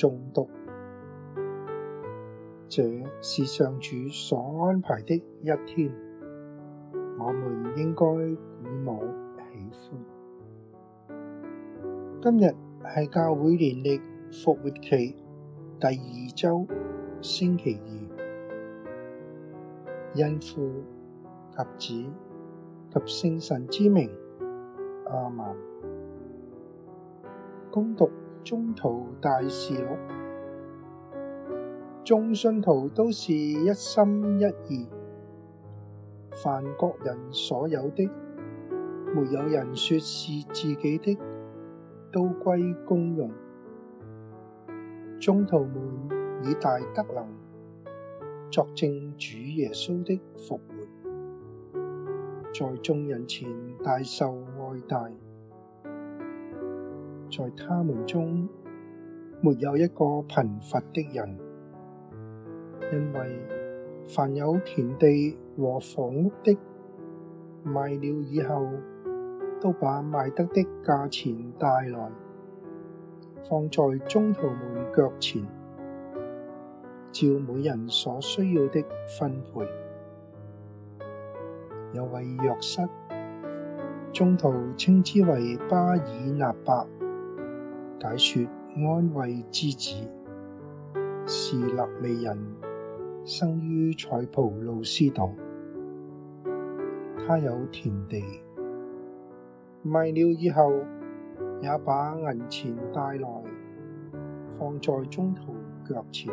誦讀，這是上主所安排的一天，我們應該鼓舞喜歡。今日係教會年曆復活期第二周星期二，因父及子及聖神之名阿門。恭讀。宗徒大事錄，眾信徒都是一心一意，凡各人所有的，沒有人說是自己的，都歸公用。宗徒們以大德能作證主耶穌的復活，在眾人前大受愛戴。在他們中，沒有一個貧乏的人，因為凡有田地和房屋的，賣了以後，都把賣得的價錢帶來，放在宗徒們腳前，照每人所需要的分配。有位若瑟，宗徒稱之為巴爾納伯。解說安慰之子，是肋未人，生於塞浦路斯島。他有田地，賣了以後，也把銀錢帶來，放在宗徒腳前。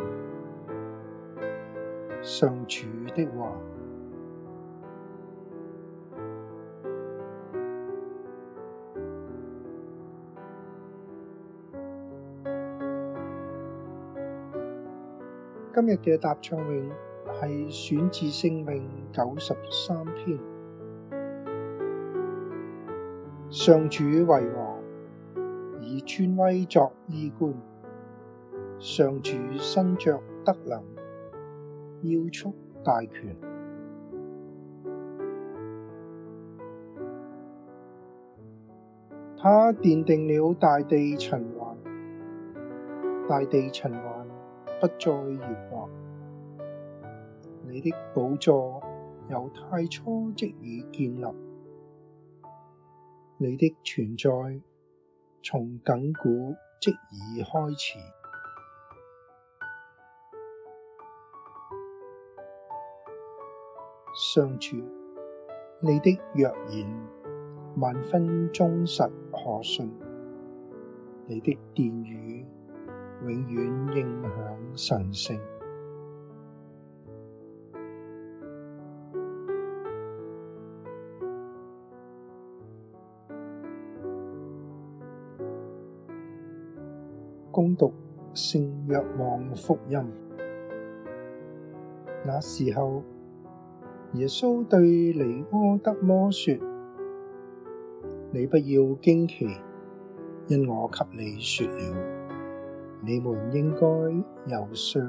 上主的話。今日嘅答唱詠係選自聖詠九十三篇，上主為王，以尊威作衣冠；上主身着德能，腰束大權，他奠定了大地塵寰，大地塵寰不再搖撼，你的寶座由太初即已建立，你的存在從亙古即已開始。上主，你的約言，萬分忠實可信，你的殿宇，永遠應享神聖，恭讀聖若望福音。那時候，耶穌對尼苛德摩說：你不要驚奇，因我給你說了。你們應該由上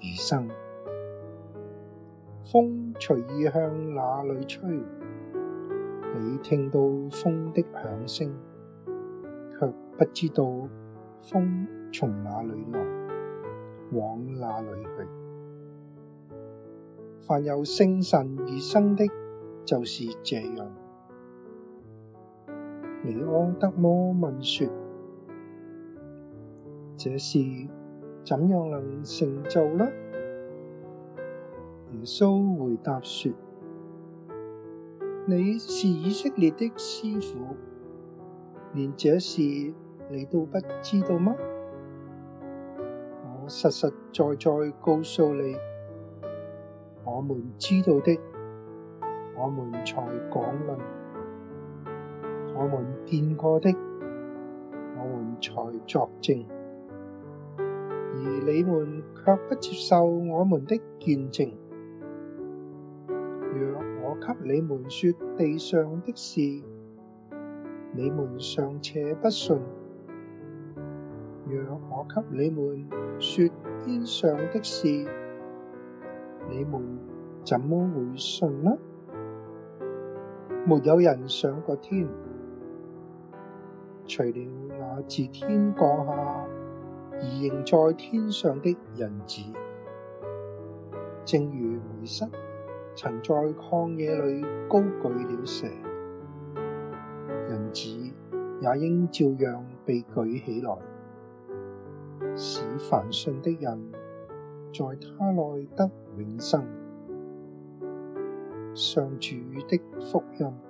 而生，風隨意向哪裏吹，你聽到風的響聲，卻不知道風從哪裏來，往哪裏去。凡由聖神而生的，就是這樣。尼苛德摩問說。這事怎樣能成就呢？耶穌回答說：你是以色列的師傅，連這事你都不知道嗎？我實實在在告訴你，我們知道的，我們才講論；我們見過的，我們才作證。而你們卻不接受我們的見證。若我給你們說地上的事，你們尚且不信；若我給你們說天上的事，你們怎麼會信呢？沒有人上過天，除了那自天降下，而仍在天上的人子，正如梅瑟曾在曠野裏高舉了蛇，人子也應照樣被舉起來，使凡信的人在他內得永生。上主的福音。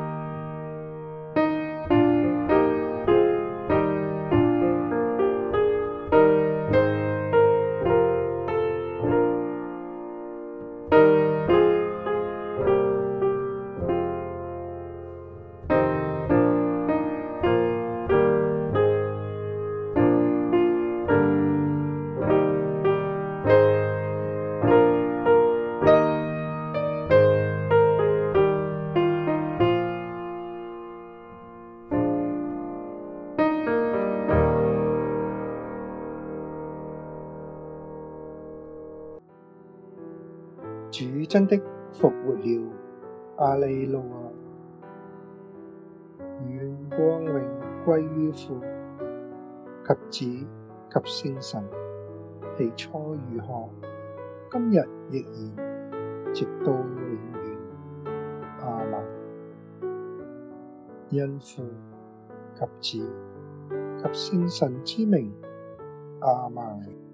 主真的復活了，阿利路亞、啊！願光榮歸於父及子及聖神，起初如何，今日亦然，直到永遠，阿們。因父及子及聖神之名，阿們。